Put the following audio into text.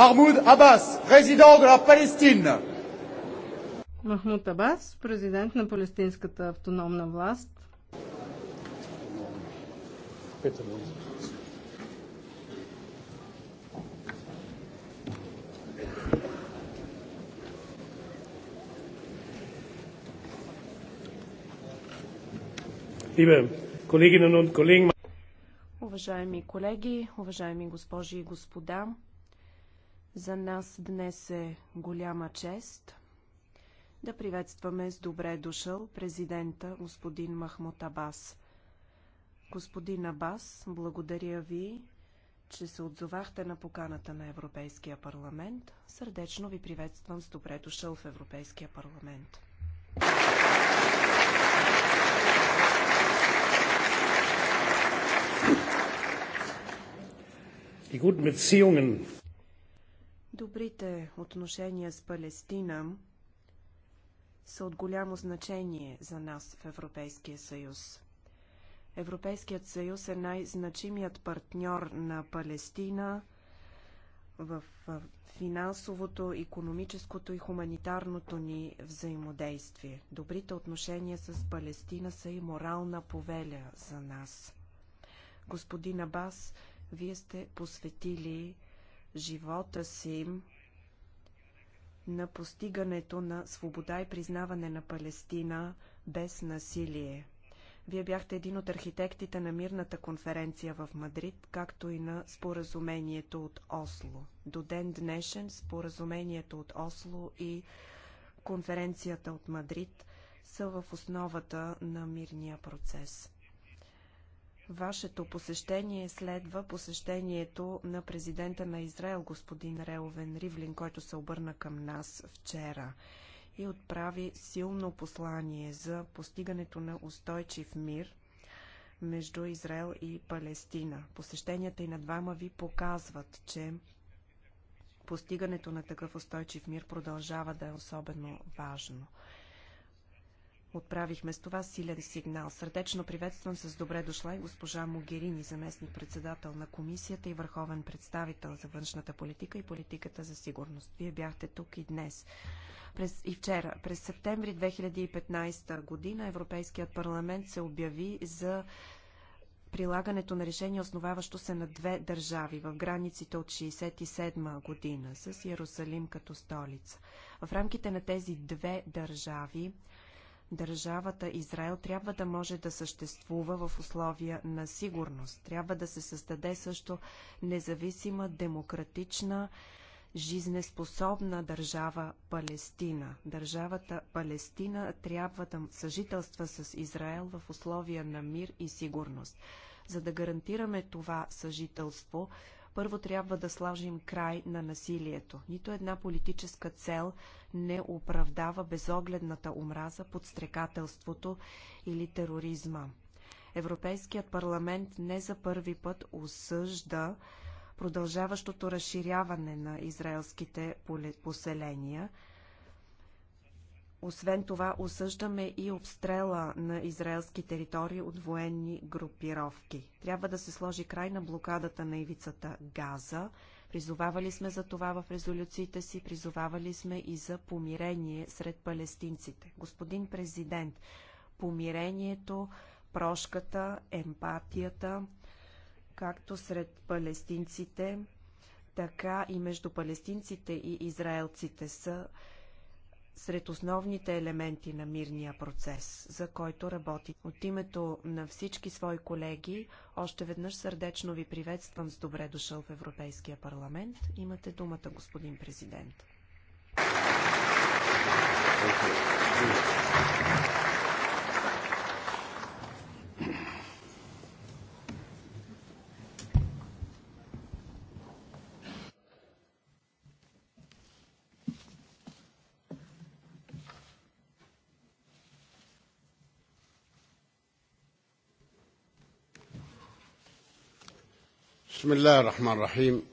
Mahmoud Abbas, президент на Палестина. Махмуд Абас, президент на Палестинската автономна власт. Liebe Kolleginnen und уважаеми колеги, уважаеми госпожи и господа, за нас днес е голяма чест да приветстваме с добре дошъл президента господин Махмут Абас. Господин Абас, благодаря ви, че се отзовахте на поканата на Европейския парламент. Сърдечно ви приветствам с добре дошъл в Европейския парламент. Die guten Beziehungen Добрите отношения с Палестина са от голямо значение за нас в Европейския съюз. Европейският съюз е най-значимият партньор на Палестина в финансовото, економическото и хуманитарното ни взаимодействие. Добрите отношения с Палестина са и морална повеля за нас. Господин Абас, вие сте посветили живота си на постигането на свобода и признаване на Палестина без насилие. Вие бяхте един от архитектите на мирната конференция в Мадрид, както и на споразумението от Осло. До ден днешен споразумението от Осло и конференцията от Мадрид са в основата на мирния процес. Вашето посещение следва посещението на президента на Израел, господин Реовен Ривлин, който се обърна към нас вчера и отправи силно послание за постигането на устойчив мир между Израел и Палестина. Посещенията и на двама ви показват, че постигането на такъв устойчив мир продължава да е особено важно. Отправихме с това силен сигнал. Сърдечно приветствам с добре дошла и госпожа Могерини, заместник председател на комисията и върховен представител за външната политика и политиката за сигурност. Вие бяхте тук и днес. През, и вчера, през септември 2015 година, Европейският парламент се обяви за прилагането на решение, основаващо се на две държави в границите от 1967 година с Иерусалим като столица. В рамките на тези две държави Държавата Израел трябва да може да съществува в условия на сигурност. Трябва да се създаде също независима, демократична, жизнеспособна държава Палестина. Държавата Палестина трябва да съжителства с Израел в условия на мир и сигурност. За да гарантираме това съжителство, първо трябва да сложим край на насилието. Нито една политическа цел не оправдава безогледната омраза, подстрекателството или тероризма. Европейският парламент не за първи път осъжда продължаващото разширяване на израелските поселения – освен това, осъждаме и обстрела на израелски територии от военни групировки. Трябва да се сложи край на блокадата на ивицата Газа. Призовавали сме за това в резолюциите си, призовавали сме и за помирение сред палестинците. Господин президент, помирението, прошката, емпатията, както сред палестинците, така и между палестинците и израелците са сред основните елементи на мирния процес, за който работи. От името на всички свои колеги, още веднъж сърдечно ви приветствам с добре дошъл в Европейския парламент. Имате думата, господин президент. Thank you. بسم الله الرحمن الرحيم